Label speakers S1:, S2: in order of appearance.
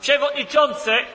S1: Przewodniczący!